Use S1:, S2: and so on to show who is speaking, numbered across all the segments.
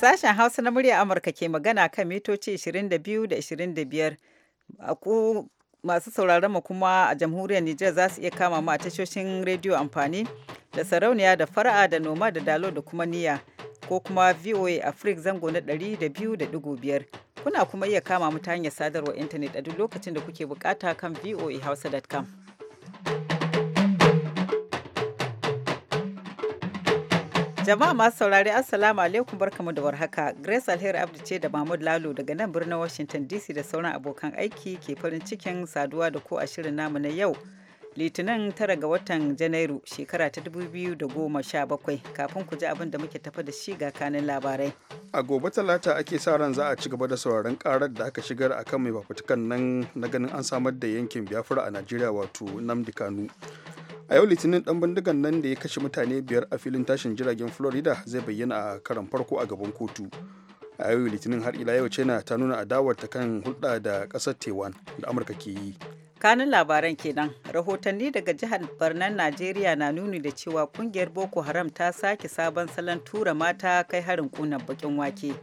S1: Sashen Hausa na murya Amurka ke magana kan mitoci 22 da 25. Ku masu sauraron mu kuma a jamhuriyar Nijar za su iya kama mu a tashoshin rediyo amfani da sarauniya da fara'a da noma da dalo da kuma niya ko kuma VOA Africa zango na 200.5. Kuna kuma iya kama mu ta hanyar sadarwar intanet a duk lokacin da kuke bukata kan voahausa.com. Jama'a masu saurari Assalamu alaikum barkamu da warhaka. Grace Alheri Abdu ce da Mahmud Lalo daga nan birnin Washington DC da sauran abokan aiki ke farin cikin saduwa da ko a shirin namu na yau. Litinin tara ga watan Janairu shekara ta 2017 kafin ku ji abin da muke tafa da shi ga kanin labarai.
S2: A gobe talata ake sa ran za a ci gaba da sauraron karar da aka shigar a kan mai fafutukan nan na ganin an samar da yankin Biafra a Najeriya wato Nnamdi Kanu. a yau litinin dan bindigan nan da ya kashe mutane biyar a filin tashin jiragen florida zai bayyana a karan farko a gaban kotu a yau litinin har ila yau china ta nuna adawar ta kan hulɗa da ƙasar taiwan da amurka ke yi
S1: kanun labaran kenan rahotanni daga jihar barnan najeriya na nuni da cewa kungiyar boko haram ta sake sabon salon tura mata kai harin kunan bakin wake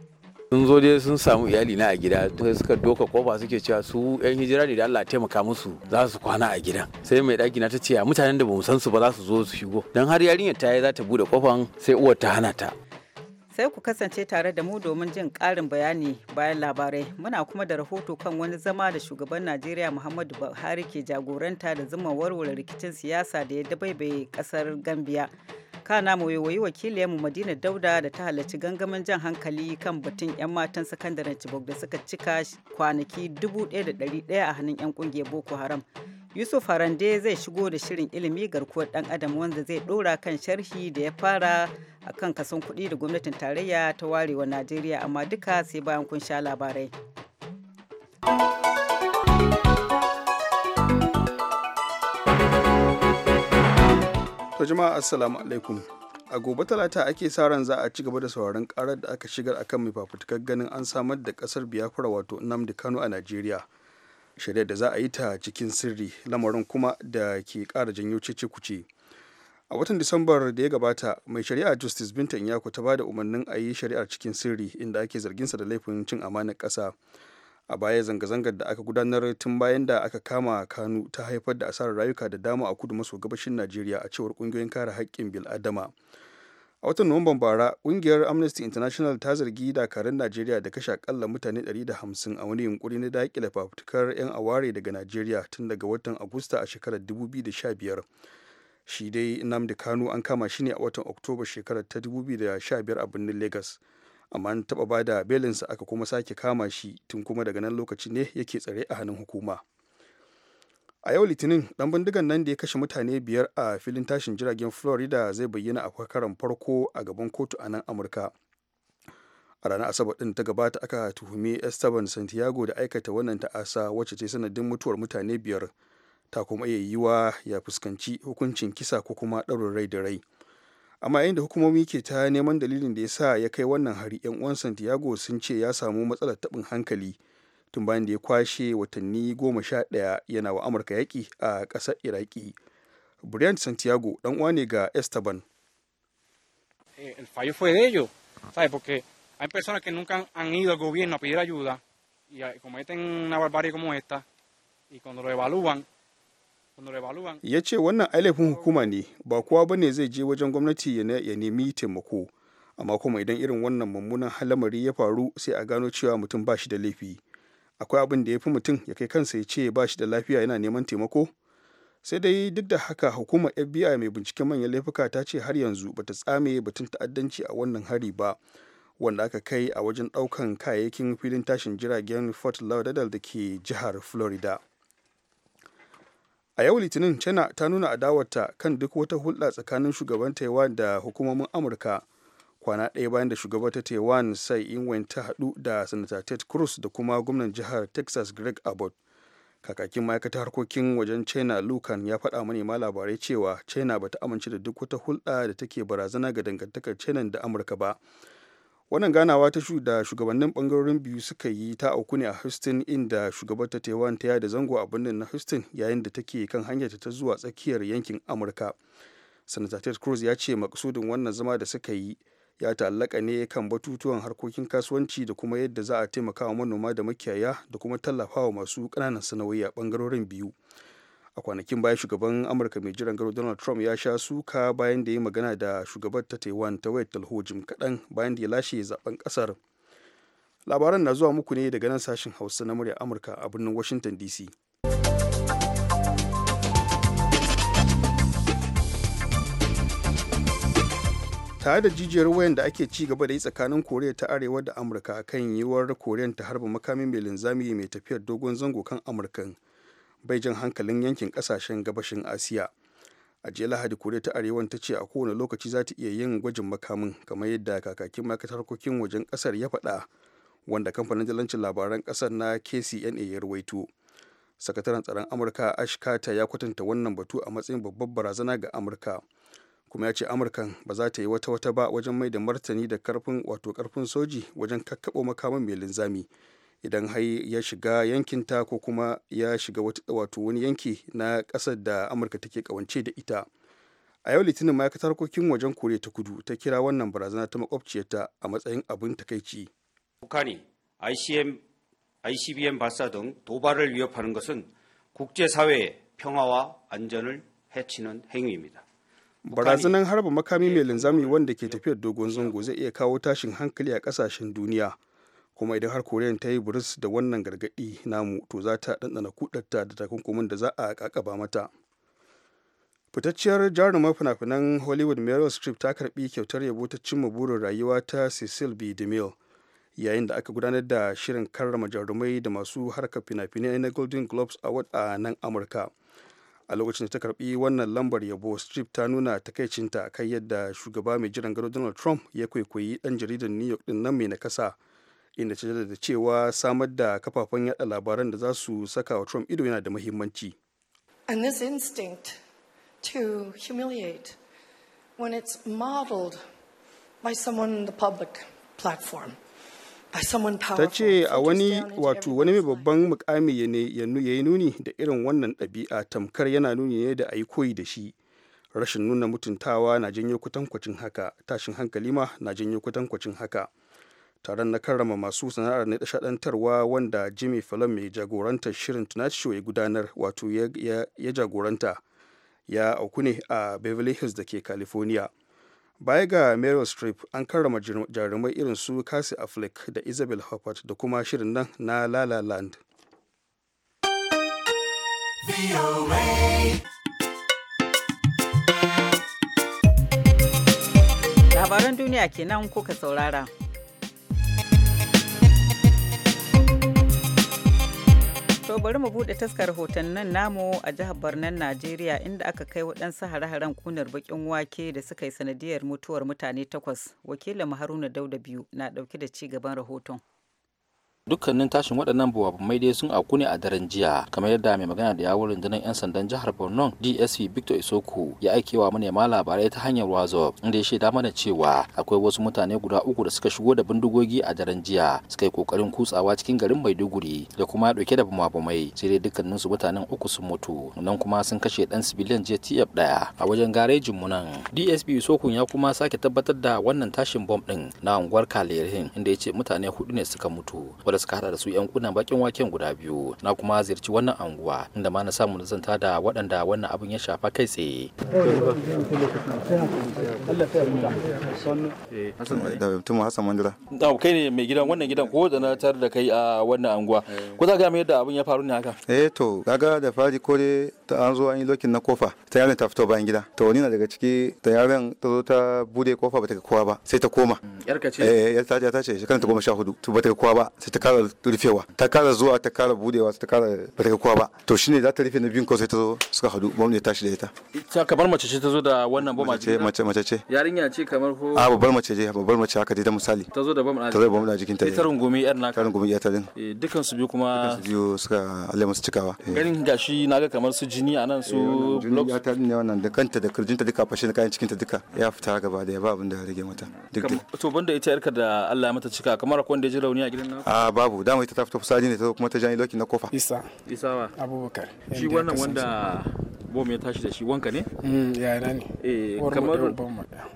S3: sun zo dai sun samu iyali na a gida suka doka kofa suke cewa su yan hijira ne da Allah taimaka musu za su kwana a gidan sai mai daki na ta ce mutanen da ba mu san su ba za su zo su shigo dan har yarinyar ta yi za ta bude kofan sai uwar ta hana ta
S1: sai ku kasance tare da mu domin jin ƙarin bayani bayan labarai muna kuma da rahoto kan wani zama da shugaban najeriya muhammadu buhari ke jagoranta da zuma warware rikicin siyasa da ya dabaibaye ƙasar gambia kana mu wakili wakiliyarmu madina dauda da ta halarci gangamin jan hankali kan batun 'yan matan sakandaren cibok da suka cika kwanaki dubu da 1,100 a hannun 'yan kungiyar boko haram yusuf harande zai shigo da shirin ilimi garkuwar dan adam wanda zai dora kan sharhi da ya fara akan kason kuɗi da gwamnatin tarayya ta warewa najeriya amma duka sai bayan kun sha labarai
S2: To jama'a assalamu alaikum. A gobe talata ake sa ran za a ci gaba da sauraron karar da aka shigar akan mai fafutukar ganin an samar da kasar Biafra wato Nnamdi Kano a Najeriya. Shari'ar da za a yi ta cikin sirri lamarin kuma da ke kara janyo cece kuce. A watan Disambar da ya gabata, mai shari'a Justice Binta Nyako ta ba da umarnin a yi shari'ar cikin sirri inda ake zarginsa da laifin cin amanar ƙasa. a baya zanga-zangar da aka gudanar tun bayan da aka kama kanu ta haifar da asarar rayuka da dama a kudu maso gabashin najeriya a cewar kungiyoyin kare haƙƙin bil'adama a watan nuwamban bara kungiyar amnesty international ta zargi dakarun najeriya da kashe akalla mutane 150 a wani yunkuri na daƙile fafutukar 'yan aware daga najeriya tun daga watan agusta a shekarar 2015 shi dai nnamdi kanu an kama shi ne a watan oktoba shekarar ta 2015 a birnin lagos amma an taɓa ba da belinsa aka kuma sake kama shi tun kuma daga nan lokaci ne yake tsare a hannun hukuma a yau litinin dan bindigan nan da ya kashe mutane biyar a filin tashin jiragen florida zai bayyana a karon farko a gaban kotu a nan amurka a ranar asabar ɗin ta gabata aka tuhumi esteban santiago da aikata wannan ta'asa wacce ce sanadin mutuwar mutane biyar ta kuma iya yiwuwa ya fuskanci hukuncin kisa ko kuma ɗaurin rai da rai amma yayin da hukumomi ke ta neman dalilin da ya sa ya kai wannan hari yan uwan santiago sun ce ya samu matsalar taɓin hankali tun bayan da ya kwashe watanni goma sha ɗaya yana wa amurka yaƙi a ƙasar iraki brian santiago dan uwa ne ga esteban
S4: eh, el
S5: fallo fue de y cuando lo evalúan
S2: ya ce wannan ailafin hukuma ne ba kuwa ba ne zai je wajen gwamnati ya nemi taimako amma kuma idan irin wannan mummunan halamari ya faru sai a gano cewa mutum ba shi da laifi akwai abin da ya fi mutum ya kai kansa ya ce ba shi da lafiya yana neman taimako sai dai duk da haka hukumar fbi mai binciken manyan laifuka ta ce har yanzu bata tsame batun ta'addanci a wannan hari ba wanda aka kai a wajen daukan kayayyakin filin tashin jiragen fort lauderdale da ke jihar florida a yau litinin china ta nuna adawarta kan duk wata hulɗa tsakanin shugaban taiwan da hukumomin amurka kwana ɗaya bayan da shugaban ta taiwan sai inwen ta haɗu da sanata ted cruz da kuma gwamnan jihar texas greg abbott kakakin ma'aikatar harkokin wajen china lukan ya faɗa ma labarai cewa china bata amince da duk wata hulɗa da take barazana ga dangantakar china da amurka ba wannan ganawa ta shu da shugabannin bangarorin biyu suka yi ta auku ne a houston inda shugabar ta taiwan ta yada zango a birnin na houston yayin da take kan hanyar ta zuwa tsakiyar yankin amurka sanata ted cruz ya ce maksudin wannan zama da suka yi ya ta'allaka ne kan batutuwan harkokin kasuwanci da kuma yadda za a taimaka wa manoma da makiyaya da kuma tallafawa masu kananan sana'o'i a bangarorin biyu a kwanakin baya shugaban amurka mai jiran gado donald trump ya sha suka bayan da ya magana da shugabar ta taiwan ta wayar talho jim kaɗan bayan da ya lashe zaben kasar labaran na zuwa muku ne daga nan sashen hausa na murya amurka a birnin washington dc tare da jijiyar wayan da ake ci gaba da yi tsakanin koriya ta arewa da amurka kan yiwuwar koriyan ta harba makami mai linzami mai tafiyar dogon zango kan amurkan bai jan hankalin yankin kasashen gabashin asiya a jiya lahadi koriya ta arewan ta ce a kowane lokaci za ta iya yin gwajin makamin kamar yadda kakakin ma'aikatar harkokin wajen kasar ya faɗa wanda kamfanin jalancin labaran kasar na kcna ya ruwaito sakataren tsaron amurka ash carter ya kwatanta wannan batu a matsayin babbar barazana ga amurka kuma ya ce amurkan ba za ta yi wata wata ba wajen mai da martani da karfin wato karfin soji wajen kakkaɓo makamin mai linzami idan har ya shiga yankinta ko kuma ya shiga wato wani yanki na ƙasar da amurka take kawance da ita a yau litinin ma'aikatar harkokin wajen koriya ta kudu ta kira wannan barazana ta makwabciyarta a matsayin abin takaici 북한이 ICM, ICBM barazanar harba makami mai eh. linzami wanda ke tafiyar dogon zango zai iya kawo tashin hankali a kasashen duniya kuma idan har koriyan ta yi buris da wannan gargaɗi namu to za ta ɗanɗana kudarta da takunkumin da za a kakaba mata fitacciyar jarumar fina-finan hollywood meryl streep ta karbi kyautar yabo ta cimma burin rayuwa ta cecil b demille yayin da aka gudanar da shirin karrama jarumai da masu harkar fina-finai na golden globes award a nan amurka a lokacin da ta karbi wannan lambar yabo strip ta nuna takaicinta kan yadda shugaba mai jiran gado donald trump ya kwaikwayi dan jaridar new york din nan mai nakasa inda ta da cewa samar da kafafen yada labaran da za su saka wa Trump ido yana da muhimmanci.
S6: And this instinct to humiliate when it's modeled by someone the public platform. ta
S2: ce a wani wato wani mai babban mukami ya yi nuni da irin wannan ɗabi'a tamkar yana nuni ne da a yi koyi da shi rashin nuna mutuntawa na janyo kwatankwacin haka tashin hankali ma na janyo kwatankwacin haka taron na karrama masu sana'ar na shaɗantarwa wanda jimmy fallon mai jagorantar shirin show ya gudanar wato ya jagoranta ya auku ne a beverly hills da ke california baya ga meryl streep an karrama jarumai irin su cassie affleck da isabel hoppert da kuma shirin nan na la land
S1: labaran duniya kenan kuka saurara To bari mu buɗe taskar hotonnan namu a jihar Barnan Najeriya inda aka kai waɗansu hare-haren kunar bakin wake da suka yi sanadiyar mutuwar mutane takwas. Wakilin Haruna Dauda biyu na ɗauke da ci gaban rahoton.
S5: dukkanin tashin waɗannan buwabumai dai sun auku ne a daren jiya kamar yadda mai magana da yawon rundunar 'yan sandan jihar borno dsp victor isoko ya aike wa manema labarai ta hanyar wazof inda ya shaida mana cewa akwai wasu mutane guda uku da suka shigo da bindigogi a daren jiya suka yi kokarin kutsawa cikin garin maiduguri da kuma dauke da buwabumai sai dai dukkanin su mutanen uku sun mutu nan kuma sun kashe dan sibiliyan jtf daya a wajen garejin mu nan dsv isoko ya kuma sake tabbatar da wannan tashin bom ɗin na unguwar kalerin inda ya ce mutane hudu ne suka mutu wadda suka hada da su yan kunan bakin waken guda biyu na kuma ziyarci wannan anguwa inda ma na samu na zanta da waɗanda wannan abin ya shafa kai tsaye
S6: da Hassan Mandira
S5: da kai ne mai gidan wannan gidan ko da na tar da kai a wannan anguwa ko za ka mai yadda abin ya faru ne haka
S6: eh to kaga da fari ko kore ta an zo an yi lokin na kofa ta yaren ta fito bayan gida to ni na daga ciki ta yaren ta zo ta bude kofa ba ta ga kowa ba sai ta koma mm,
S5: yarka ce eh
S6: ta ta ce shekara ta goma sha hudu to ba ta ga kowa ba sai ta kara rufewa ta kara zuwa ta kara budewa ta kara barkakuwa ba to shine za ta rufe na biyun kawai ta zo suka hadu bom ne tashi da ita
S5: ita kamar mace ce ta zo da wannan bom ce
S6: mace mace ce
S5: yarinya ce kamar ko a babbar
S6: mace ce babbar mace haka dai da misali ta
S5: zo da bom ta zo da
S6: bom jikin ta ita rungumi yar naka rungumi yar ta din eh, dukan su biyu kuma su biyu suka alle musu cikawa eh.
S5: ganin gashi naga kamar su jini anan su
S6: block ya ta ne wannan da kanta da kirjinta duka fashe da kayan ta duka ya fita gaba da ya ba abin da ya rage mata duk
S5: to banda ita yarka da Allah ya mata cika kamar akwai wanda ya ji rauni a gidan nan
S6: a babu dama ita ta fito fusari ne ta kuma ta jani doki na kofa isa
S5: isa abubakar shi wannan wanda bom ya tashi da
S4: shi wanka ne? Hmm, yana ne eh,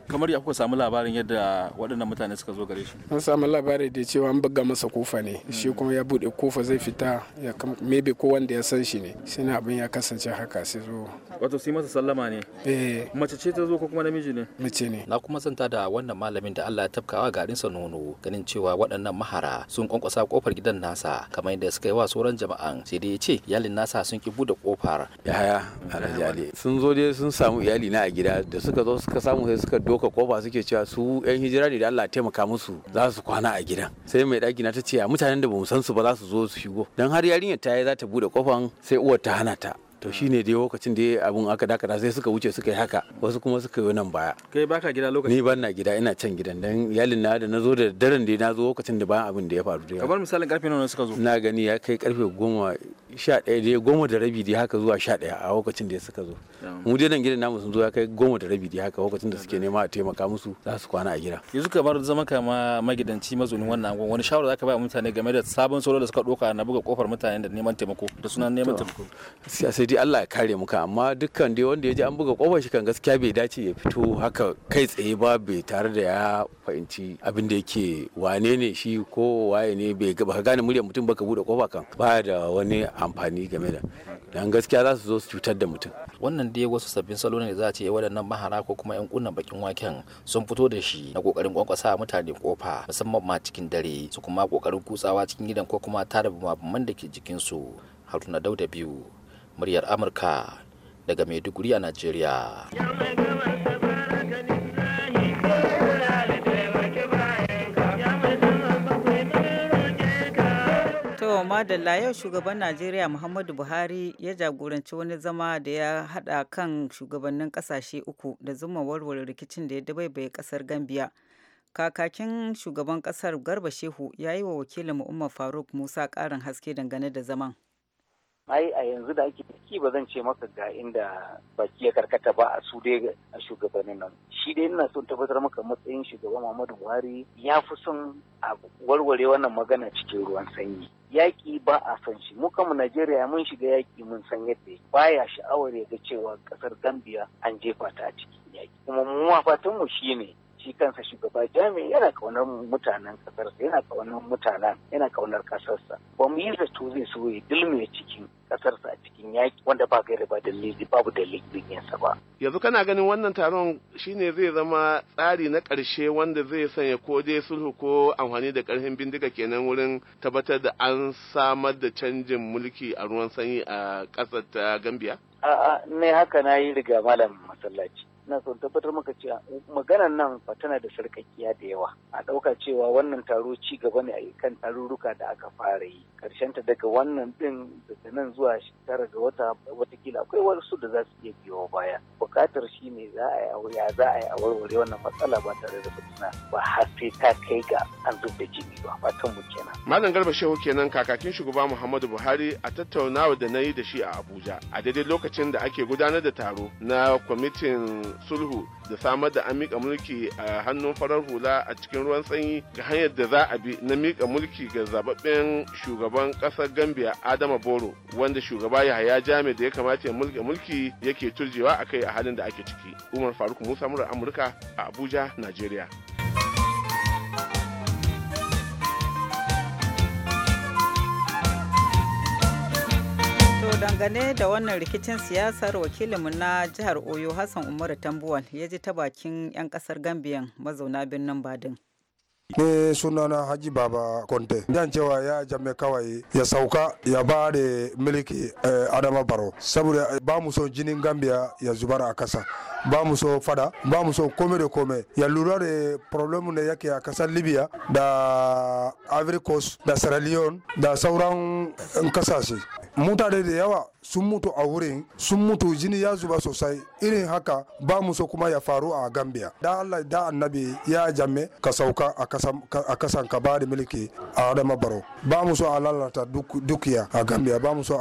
S5: kamar ya kuka samu labarin yadda waɗannan mutane suka zo gare shi
S4: an samu labarin da cewa an buga masa kofa ne hmm. shi kuma ya buɗe kofa zai
S7: fita ya mebe ko wanda ya san shi ne shi na abin ya kasance haka sai zo
S5: wato sai masa sallama ne eh. mace ce ta zo ko kuma namiji ne mace ne na kuma santa da wannan malamin da Allah ya tafkawa garinsa nono ganin cewa waɗannan mahara sun kwankwasa kofar gidan nasa kamar yadda suka yi wa sauran jama'an sai dai ya ce yalin nasa sun ki buɗe
S3: kofar yahaya sun zo dai sun samu iyali na a gida da suka zo suka samu sai suka doka kofa suke cewa su yan hijira ne da Allah taimaka musu za su kwana a gidan sai mai daki na ta ce mutanen da bamu san su ba za su zo su shigo dan har yarinyar ta yi za ta bude kofan sai uwar ta hana ta to shine dai lokacin da abun aka dakata sai suka wuce suka yi haka wasu kuma suka yi nan baya
S5: kai baka gida lokacin ni
S3: ban na gida ina can gidan dan iyalin na da zo da daren da zo lokacin da bayan abin da ya faru dai kamar misalin karfe nawa suka zo na gani ya kai karfe goma sha dai goma da rabi dai haka zuwa sha a lokacin da suka zo mu dai nan gidan namu sun zo ya kai goma da rabi dai haka lokacin da suke nema a taimaka musu za su kwana a gida yanzu
S5: kamar zama kama magidanci mazaunin wannan angon wani shawara zaka bayar mutane game da sabon solo da suka doka na buga
S3: kofar mutanen da neman taimako da sunan neman taimako sai dai Allah ya kare muka amma dukkan dai wanda ya ji an buga kofar shi kan gaskiya bai dace ya fito haka kai tsaye ba bai tare da ya fahimci abin da yake wane ne shi ko waye ne bai baka gane muryar mutum baka bude kofa kan ba da wani amfani game da dan gaskiya za su zo su cutar da mutum wannan dai
S5: wasu sabbin salo ne da za a ce waɗannan mahara ko kuma yan kunnan bakin waken sun fito da shi na kokarin kwankwasa mutane kofa musamman ma cikin dare su kuma kokarin kutsawa cikin gidan ko kuma tara bumabuman da ke jikinsu haruna dauda biyu muryar amurka daga maiduguri a nigeria
S1: madalla yau shugaban najeriya muhammadu buhari ya jagoranci wani zama da ya hada kan shugabannin kasashe uku da zuma warware rikicin da ya dabaibaye kasar gambia kakakin shugaban kasar garba shehu ya yi wa wakilin umar faruk musa karin haske dangane da zaman
S8: ai a yanzu da ake ciki ba zan ce maka ga inda baki ya karkata ba a su dai a shugabannin nan shi dai ina son tabbatar maka matsayin shugaban Muhammadu Buhari ya fi son a warware wannan magana cikin ruwan sanyi Yaki ba a son shi mu kanmu Najeriya mun shiga yaki mun san yadda baya sha'awar ya ga cewa kasar Gambia an jefa ta a cikin yaki. kuma mu fatan mu shine shi kansa shugaba jami'i yana kaunar mutanen kasarsa yana kaunar mutanen yana kaunar kasarsa ba mu yi zato zai so ya dilme cikin kasarsa a cikin yaki wanda ba gaira ba dalili babu dalilin
S3: yinsa ba
S4: yanzu kana ganin wannan taron shine zai zama tsari na ƙarshe wanda zai sanya ko dai sulhu ko amfani da ƙarfin bindiga kenan wurin tabbatar da an samar da canjin mulki a ruwan sanyi a ƙasar ta gambiya.
S8: A'a, ne haka na yi riga malam masallaci. na son tabbatar maka cewa maganan nan fa tana da sarkakiya da yawa a ɗauka cewa wannan taro ci gaba ne a kan tarurruka da aka fara yi ta daga wannan ɗin daga nan zuwa tara ga wata watakila akwai wasu da za su iya biyo baya buƙatar shi ne za a yi ya za a yi a warware wannan matsala ba tare da fitina ba har sai ta kai ga an zub da jini ba fatan mu kenan.
S4: Malam Garba Shehu kenan kakakin shugaba Muhammadu Buhari a tattaunawa da na yi da shi a Abuja a daidai lokacin da ake gudanar da taro na kwamitin sulhu da samar da an miƙa mulki a hannun farar hula a cikin ruwan sanyi ga hanyar da za a bi na mika mulki ga zababben shugaban ƙasar gambia adama boro wanda shugaba yahaya jami da ya kamata ya mulki mulki yake turjewa a kai a halin da ake ciki umar faruk musa murar amurka a abuja nigeria.
S1: dangane da wannan rikicin siyasar wakilinmu na jihar oyo hassan umaru tambuwal ya ji ta bakin 'yan kasar gambiyan mazauna birnin badin
S7: ne sunana haji baba konte dan cewa ya jamme kawai ya sauka ya ba da miliki eh, adama baro saboda eh, ba mu so jinin gambia ya zubara a kasa ba mu so fada ba mu so kome da kome ya lura da problem da yake a kasar libya da ivory da sierra leone da sauran kasashe eh, mutane da yawa sun mutu a wurin sun mutu jini ya zuba sosai irin haka ba muso so kuma ya faru a gambia da allah da annabi ya jamme ka sauka a kasan ka ba da miliki a adama baro ba muso so dukiya a gambia ba muso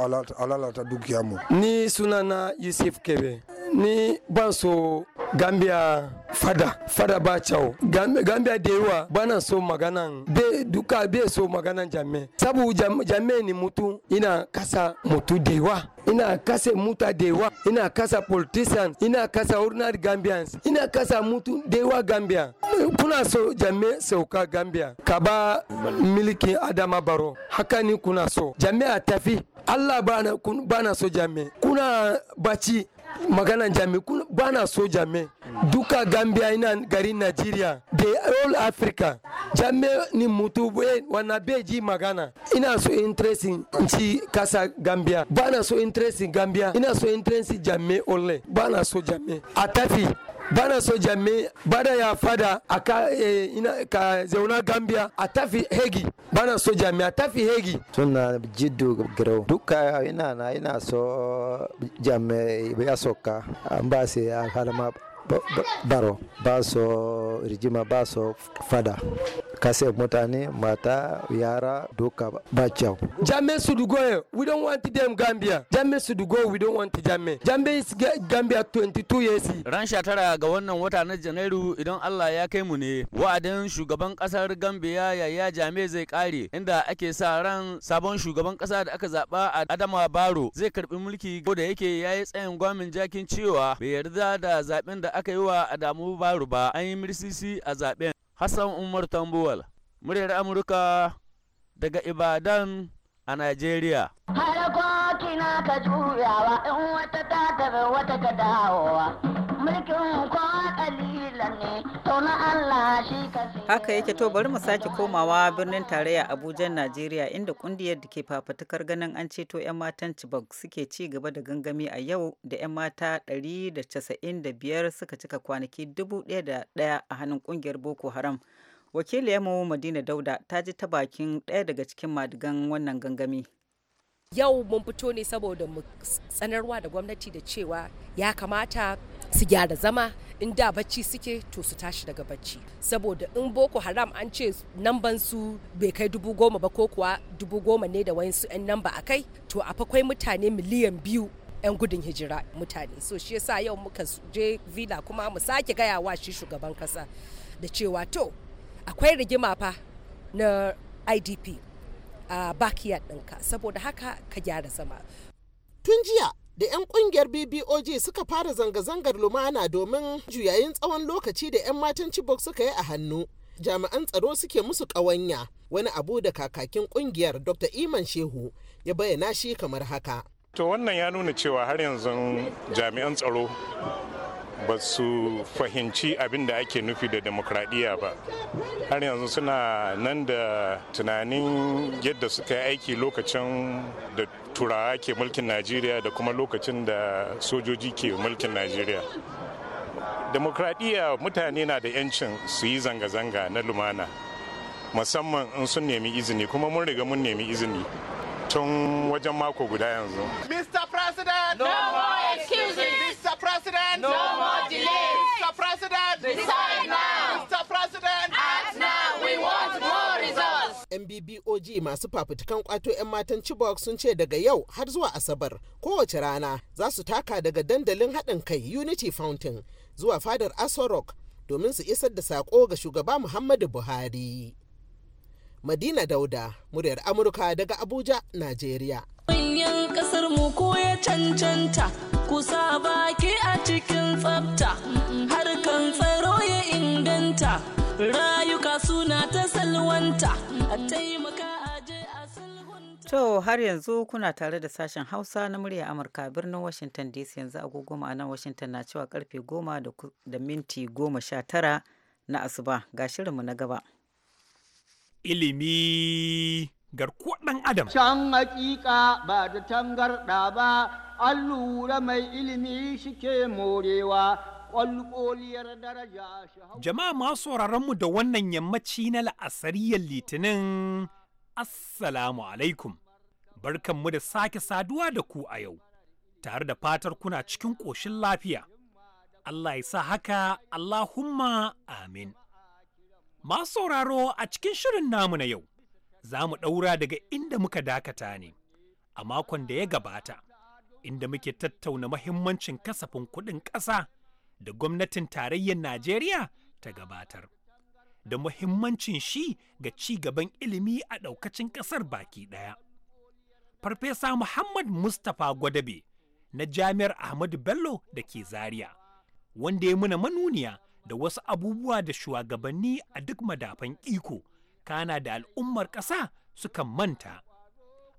S7: so dukiya mu ni sunana yusuf kebe ni ban so gambia fada fada ba cawo gambia da yawa bana so maganan be duka be so maganan jamme sabu jamme ni mutu ina kasa mutu da yawa ina kasa muta da ina kasa politicians ina kasa ordinary gambians ina kasa mutu da gambia kuna so jami'a sauka gambia ka ba milikin adama baro haka ni kuna so jami'a tafi allah bana, bana so jami'a kuna baci magana jami ba na so jami duka gambia ina garin nigeria da all africa jami ni mutu wana bai ji magana ina so interesting ci kasa gambia ba na so interesting gambia ina so interesting jami ole ba na so jami a tafi bana so jame bada ya fada aka e, ina, ka zeuna gambia atafi hegi bana so jame atafi hegi tuna jiddu grau duka ina na ina so jamme ya soka ambasi halama baro ba so rijima ba so fada kase mutane mata yara duka ba kyau jamme su dugoye we don't want them gambia jamme su dugo we don't want jamme jamme is gambia 22 years ran tara ga wannan wata na janairu idan Allah ya kai mu ne wa'adin
S3: shugaban kasar gambia yaya jame zai kare inda ake sa ran sabon shugaban kasa da aka zaba a adama baro zai karbi mulki ko da yake ya yi tsayin gwamin jakin cewa bai yarda da zaben da aka yi wa Adamu Baru ba an yi mirsisi a zaben Hassan Umar Tambuwal. Muryar Amurka daga Ibadan a Najeriya.
S8: Harakoki na ka juyawa in wata ta tafi wata ka Mulkin ko kalilan ne, to na Allah shi ka
S1: Haka yake to bari mu sake komawa birnin tarayya Abuja Najeriya inda kungiyar da ke fafatukar ganin an ceto 'yan matan Chibok suke ci gaba da gangami a yau da 'yan mata 195 suka cika kwanaki 1,001 a hannun kungiyar Boko Haram. wakiliyarmu madina dauda ta ji ta bakin daya daga cikin madigan wannan gangami yau mun fito ne saboda mu sanarwa da gwamnati da cewa ya kamata su gyara zama in da bacci suke to su tashi daga bacci saboda in boko haram an ce namban su bai kai dubu goma ba ko kuwa dubu goma ne da wayansu 'yan namba a kai to akwai mutane miliyan biyu 'yan gudun hijira mutane so shi yasa yau muka je villa kuma mu sake gaya wa shi shugaban kasa da cewa to akwai rigima fa na idp a bakiyar ɗinka saboda haka ka gyara zama
S4: tun jiya da 'yan kungiyar bboj suka fara zanga-zangar lumana domin juyayin tsawon lokaci da 'yan matan chibok suka yi a hannu jami'an tsaro suke musu ƙawanya wani abu da kakakin kungiyar dr iman shehu ya bayyana shi kamar haka
S9: to wannan ya nuna cewa har yanzu jami'an tsaro ba su fahimci abin da ake nufi da demokradiyya ba har yanzu suna nan da tunanin yadda suka yi aiki lokacin da turawa ke mulkin najeriya da kuma lokacin da sojoji ke mulkin najeriya demokradiyya mutane na da 'yancin su yi zanga-zanga na lumana musamman in sun nemi izini kuma mun riga mun nemi izini tun wajen mako guda yanzu
S4: mr president no more excuses President! No more delays! Mr. President! Decide now! Mr. President! Act now! We want more results!
S7: MBBOG
S4: masu fafutukan kwato 'yan matan Chibok sun ce daga yau har zuwa Asabar kowace rana za su taka daga dandalin haɗin kai Unity Fountain zuwa fadar Aso Rock domin su isar da saƙo ga shugaba Muhammadu Buhari. Madina Dauda, muryar Amurka daga Abuja, Najeriya.
S6: ƙasar mu ko ya cancanta kusa baki a cikin tsafta harkan tsaro ya inganta rayuka
S1: suna ta salwanta a taimaka a To har yanzu kuna tare da sashen Hausa na murya Amurka birnin Washington DC yanzu agogo ma'anar Washington na cewa karfe goma da minti goma sha tara na asuba ga shirinmu na gaba.
S9: Ilimi garkuwa ɗan adam. Can
S8: hakika
S9: ba da tangarɗa ba, an lura mai ilimi shi ke morewa, ƙwalƙoliyar
S7: daraja
S9: shi Jama'a masu mu da wannan yammaci na la'asariyar litinin, Assalamu alaikum. Barkanmu da sake saduwa da ku a yau, tare da fatar kuna cikin ƙoshin lafiya. Allah ya sa haka, Allahumma amin. Masu sauraro a cikin shirin namu na yau. za mu ɗaura daga inda muka dakata ne a makon da ya gabata inda muke tattauna mahimmancin kasafin kuɗin ƙasa da gwamnatin tarayyar Najeriya ta gabatar da muhimmancin shi ga ci gaban ilimi a ɗaukacin ƙasar baki ɗaya. Farfesa Muhammad Mustapha Gwadabe na Jami'ar Ahmadu Bello da ke Zaria, wanda ya muna manuniya da wasu abubuwa da shugabanni a duk madafan iko kana da al'ummar ƙasa suka manta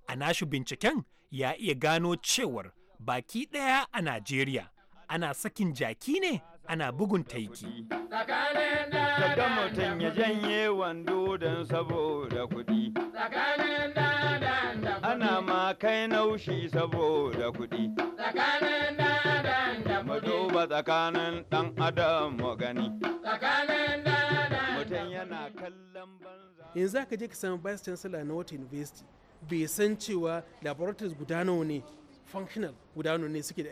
S9: a nashi binciken ya iya gano cewar baki ɗaya a najeriya ana sakin jaki ne ana bugun taiki
S3: daga mutum ya janye
S9: wando don saboda kuɗi
S3: ana ma kai naushi saboda kuɗi mu duba tsakanin ɗan adam mu gani
S4: yanzu aka je ka samu vice chancellor na wata university bai san cewa laboratories guda nawa ne functional guda nawa ne suke da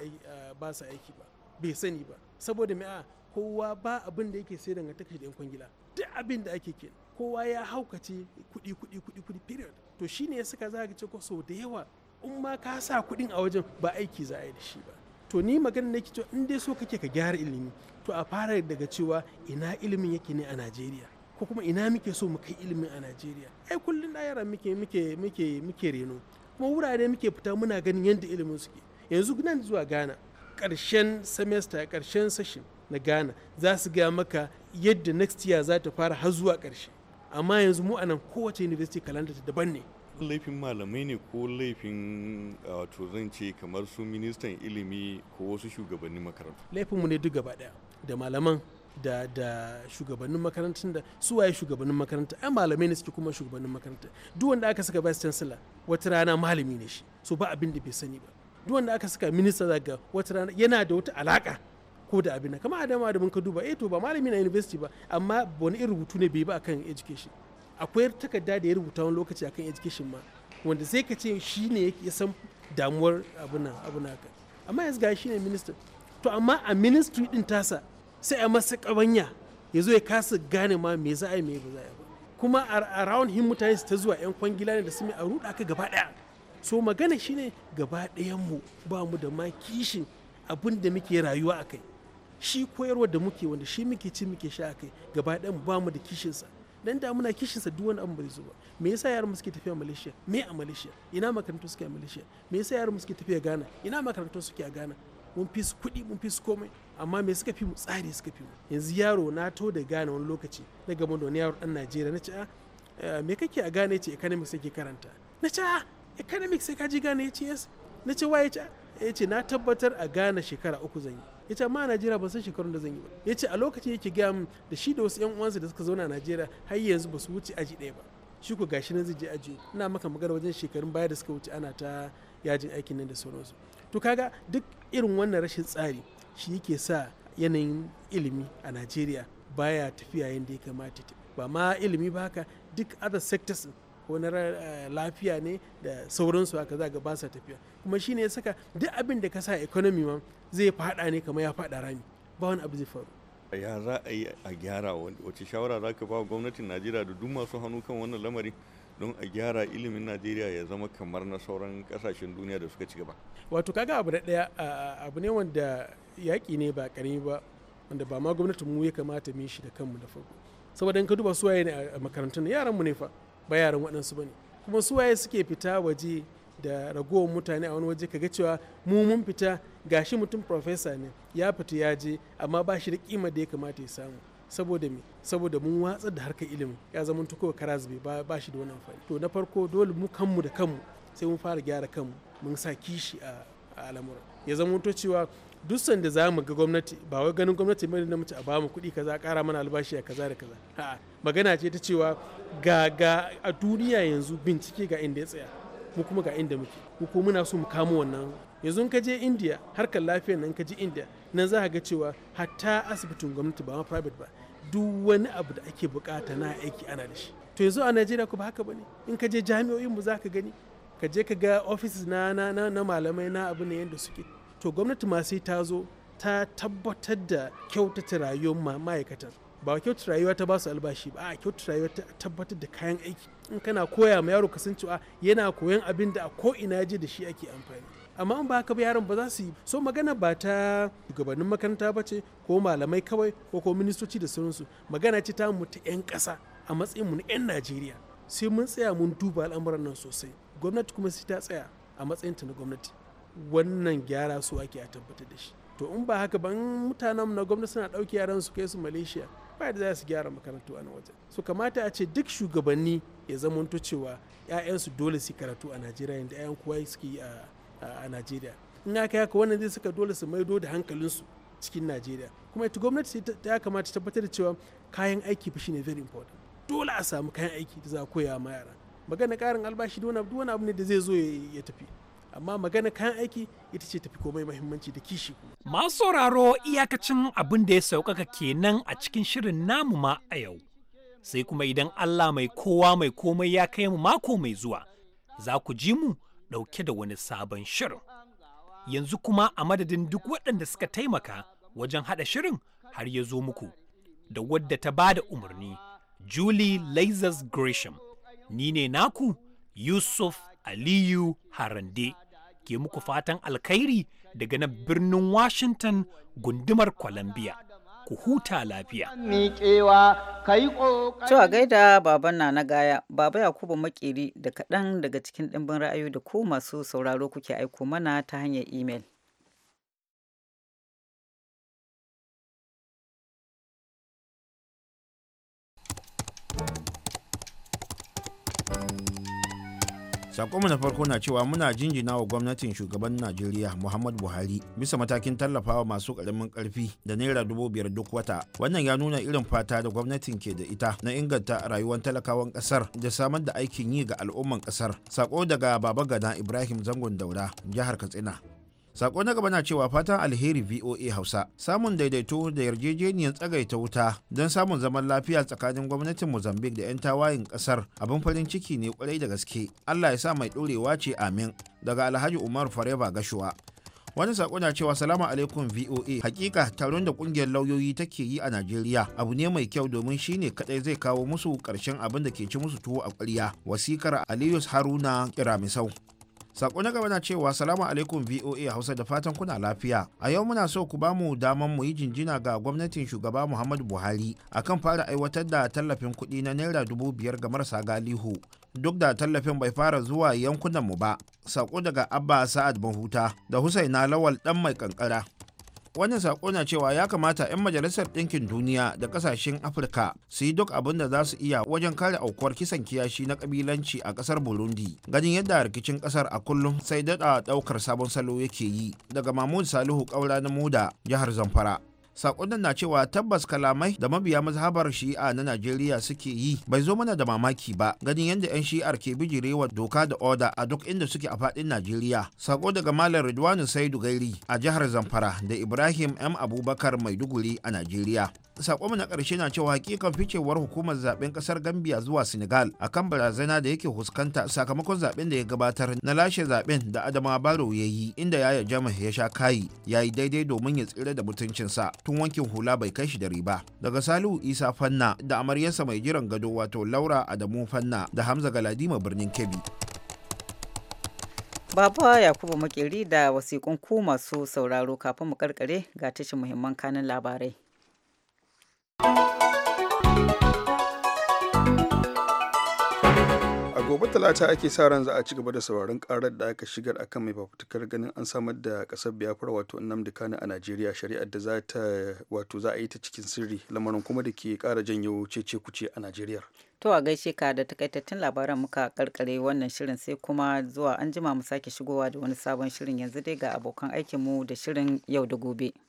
S4: ba su aiki ba bai sani ba saboda mai a kowa ba abin da yake sai kai da yan kwangila duk abin da ake kenan kowa ya haukace kudi kudi kudi kudi period to shine ya saka za ka ce ko sau da yawa in ma ka sa kudin a wajen ba aiki za a yi da shi ba to ni magana nake cewa in dai so kake ka gyara ilimi to a fara daga cewa ina ilimin yake ne a Najeriya ko kuma ina muke so mu kai ilimi a najeriya ai kullum da yara muke muke muke muke reno kuma wurare muke fita muna ganin yadda ilimin suke yanzu nan zuwa ghana ƙarshen semester ƙarshen session na ghana za su gaya maka yadda next year za ta fara har zuwa ƙarshe amma yanzu mu anan kowace university kalanda ta daban ne laifin malamai ne ko laifin wato kamar su ministan ilimi ko wasu shugabannin makarantu laifinmu ne duk gaba daya da malaman da da shugabannin makarantar da su waye shugabannin makaranta ai malamai ne suke kuma shugabannin makaranta duk wanda aka saka vice chancellor wata rana malami ne shi so ba abin da bai sani ba duk wanda aka saka minista zaga wata rana yana da wata alaka ko da abin kamar adama da mun ka duba eh to ba malami na university ba amma wani irin rubutu ne bai ba akan education akwai takarda da ya rubuta wani lokaci akan education ma wanda sai ka ce shi ne ya san damuwar abin nan amma yanzu ga shi ne minista to amma a ministry din tasa sai a masa kabanya ya zo ya kasa gane ma me za a yi me ba za a yi ba kuma a rawan him mutane su ta zuwa yan kwangila ne da su mai a ruɗa ka gaba ɗaya so magana shine gaba ɗayan mu ba mu da ma kishin abin da muke rayuwa a kai shi koyarwa da muke wanda shi muke ci muke sha a kai gaba ɗayan mu ba mu da kishinsa dan da muna kishin sa duk wani abu bai zo ba me yasa yaran suke tafiya Malaysia me a Malaysia ina makarantu suke a Malaysia me yasa yaran suke tafiya Ghana ina makarantu suke a Ghana mun fi su kuɗi mun fi su komai amma me suka fi mu tsari suka fi mu yanzu yaro na to da gane wani lokaci na gama da wani yaro dan najeriya na ce a ah, eh, me kake a gane ce economics yake karanta na ce a ah, economics sai ka ji gane ya ce yes na ce wa ya ce ya ce na tabbatar a gane shekara uku zan yi ya ce amma a najeriya ban san shekarun da zan yi ba ya ce a lokacin yake gaya min da shi da wasu yan uwansa da suka zauna a najeriya har yanzu ba su wuce aji ɗaya ba shi ko gashi nan zai je aji ina maka magana wajen shekarun baya da suka wuce ana ta yajin aikin nan da sauransu to kaga duk irin wannan rashin tsari shi yake sa yanayin ilimi a najeriya baya tafiya yadda ya kamata ba ma ilimi ba haka duk other sectors ko na eh, lafiya ne da sauransu haka za ga ba sa tafiya kuma shine ya saka duk abin da ka sa economy ma zai fada ne kama ya fada rami ba wani abu zai faru
S2: ya za a yi gyara wacce shawara za ka ba gwamnatin najeriya da duk masu hannu kan wannan lamari don a gyara ilimin najeriya ya zama kamar na sauran kasashen duniya da suka ci gaba
S4: wato kaga abu da daya abu ne wanda yaƙi ne ba ƙarami ba wanda ba ma gwamnatin mu ya kamata mu shi da kanmu da farko saboda in ka duba suwaye ne a makarantun yaran mu ne fa ba yaran waɗansu bane kuma suwaye suke fita waje da ragowar mutane a wani waje kaga cewa mu mun fita gashi mutum profesa ne ya fita ya je amma ba shi da kima da ya kamata ya samu saboda me saboda mun watsar da harkar ilimi ya zama tuko karazbe ba shi da wani amfani to na farko dole mu kanmu da kanmu sai mun fara gyara kanmu mun sa kishi a al'amuran ya zama to cewa duk sanda za mu ga gwamnati ba wai ganin gwamnati mai da namiji a ba mu kuɗi kaza Kara mana albashi a kaza da kaza a'a magana ce ta cewa ga ga a duniya yanzu bincike ga inda ya tsaya mu kuma ga inda muke ko muna so mu kama wannan yanzu ka je india harkar lafiyar nan ka je india na za ka ga cewa hatta asibitin gwamnati ba ma private ba duk wani abu da ake bukata na aiki ana da shi to yanzu a najeriya ku ba haka bane in ka je jami'o'in mu za ka gani ka je ka ga offices na na na, malamai na abu ne yadda suke to gwamnati ma sai ta zo ta tabbatar da kyautata rayuwar ma'aikatan ba kyautata rayuwa ta ba su albashi ba a kyautata rayuwa ta tabbatar da kayan aiki in kana koya ma yaro kasancewa yana koyan abin da a ko ina je da shi ake amfani amma in ba ka bi yaron ba za su yi so magana ba ta shugabannin makaranta ba ce ko malamai kawai ko ko ministoci da sauransu magana ce ta mu ta 'yan ƙasa a mu na 'yan najeriya sai mun tsaya mun duba al'amuran nan sosai gwamnati kuma sai ta tsaya a matsayin ta na gwamnati wannan gyara su ake a tabbatar da shi to in ba haka ban mutanen na gwamnati suna ɗauki yaran su kai su malaysia ba da za su gyara makarantu a nan wajen so kamata a ce duk shugabanni ya zamanto cewa 'ya'yansu dole su karatu a najeriya yadda 'ya'yan kowa suke yi a a najeriya in aka yaka wannan zai saka dole su maido da hankalinsu cikin najeriya kuma ita gwamnati ta ya kamata tabbatar da cewa kayan aiki fi shine very important dole a samu kayan aiki da za a koya ma yara magana karin albashi da wani abu ne da zai zo ya tafi amma magana kayan aiki ita ce tafi komai mahimmanci da kishi
S9: masu sauraro iyakacin abin da ya sauƙaƙa kenan a cikin shirin namu ma a yau sai kuma idan allah mai kowa mai komai ya kai mu mako mai zuwa za ku ji mu ɗauke da wani sabon shirin. Yanzu kuma a madadin duk waɗanda suka taimaka wajen haɗa shirin har ya zo muku da wadda ta ba da umarni Julie Lazarus Gresham. Ni ne naku Yusuf Aliyu Harande ke muku fatan alkhairi daga na birnin Washington gundumar
S1: Columbia. ku huta lafiya. to a gaida baban na na gaya, baba Yakubu makiri da kaɗan daga cikin ɗimbin ra'ayoyi da ko masu sauraro kuke aiko mana ta hanyar imel.
S6: mu na farko na cewa muna jinjina wa gwamnatin shugaban najeriya muhammad buhari bisa matakin tallafawa masu karamin karfi da naira dubu biyar duk wata wannan ya nuna irin fata da gwamnatin ke da ita na inganta rayuwar talakawan kasar da samar da aikin yi ga al'umman kasar sako daga baba gana ibrahim zangon daura jihar katsina sako na gaba na cewa fatan alheri voa hausa samun daidaito da yarjejeniyar tsagaita wuta don samun zaman lafiya tsakanin gwamnatin mozambique da 'yan tawayin kasar abin farin ciki ne kwarai da gaske allah ya sa mai dorewa ce amin daga alhaji umar fareba gashuwa wani sako na cewa salamu alaikum voa hakika taron da kungiyar lauyoyi take yi a najeriya abu ne mai kyau domin shine kadai zai kawo musu karshen abin da ke ci musu tuwo a kwarya wasikar aliyus haruna kiramisau Sako na gaba na cewa salamu alaikum VOA Hausa da fatan kuna lafiya. A yau muna so ku bamu damar mu yi jinjina ga gwamnatin shugaba Muhammadu Buhari akan fara aiwatar da tallafin kuɗi na naira dubu biyar ga marasa galihu. Duk da tallafin bai fara zuwa yankunan mu ba. Sako daga Abba Sa'ad Mahuta da Husaina Lawal dan mai kankara. wannan sako na cewa ya kamata 'yan majalisar ɗinkin duniya da ƙasashen afirka su yi duk abin da za su iya wajen kare aukuwar kisan kiyashi na ƙabilanci a ƙasar burundi ganin yadda rikicin ƙasar a kullum sai daɗa ɗaukar sabon salo yake yi daga mahmud salihu ƙaura na muda jihar zamfara sakonnin na cewa tabbas kalamai da mabiya mazhabar shi'a na najeriya suke yi bai zo mana da mamaki ba ganin yadda 'yan shi'ar ke bijirewa doka da oda a duk inda suke a fadin najeriya sako daga malam ridwanu saidu gairi a jihar zamfara da ibrahim m abubakar maiduguri a najeriya sakon na ƙarshe na cewa hakikan ficewar hukumar zaben ƙasar gambia zuwa senegal kan barazana da yake huskanta sakamakon zaben da ya gabatar na lashe zaben da adama baro ya yi inda yaya jama ya sha kayi ya yi daidai domin ya tsira da mutuncinsa tun wankin hula bai kai shi da riba daga salihu isa fanna da amaryarsa mai jiran gado wato laura adamu fanna da hamza galadima birnin kebbi
S1: Baba Yakubu Makeri da wasiƙun ku masu sauraro kafin mu karkare ga tashin muhimman kanin labarai.
S2: a gobe talata ake sa ran za a ci gaba da sauraron karar da aka shigar akan mai fafutukar ganin an samar da kasar biafra wato nnamdi kanu a najeriya shari'ar da za ta wato za a yi ta cikin sirri lamarin kuma da ke kara janyo cece kuce a najeriya
S1: to a gaishe ka da takaitattun labaran muka karkare wannan shirin sai kuma zuwa an jima mu sake shigowa da wani sabon shirin yanzu dai ga abokan aikinmu da shirin yau da gobe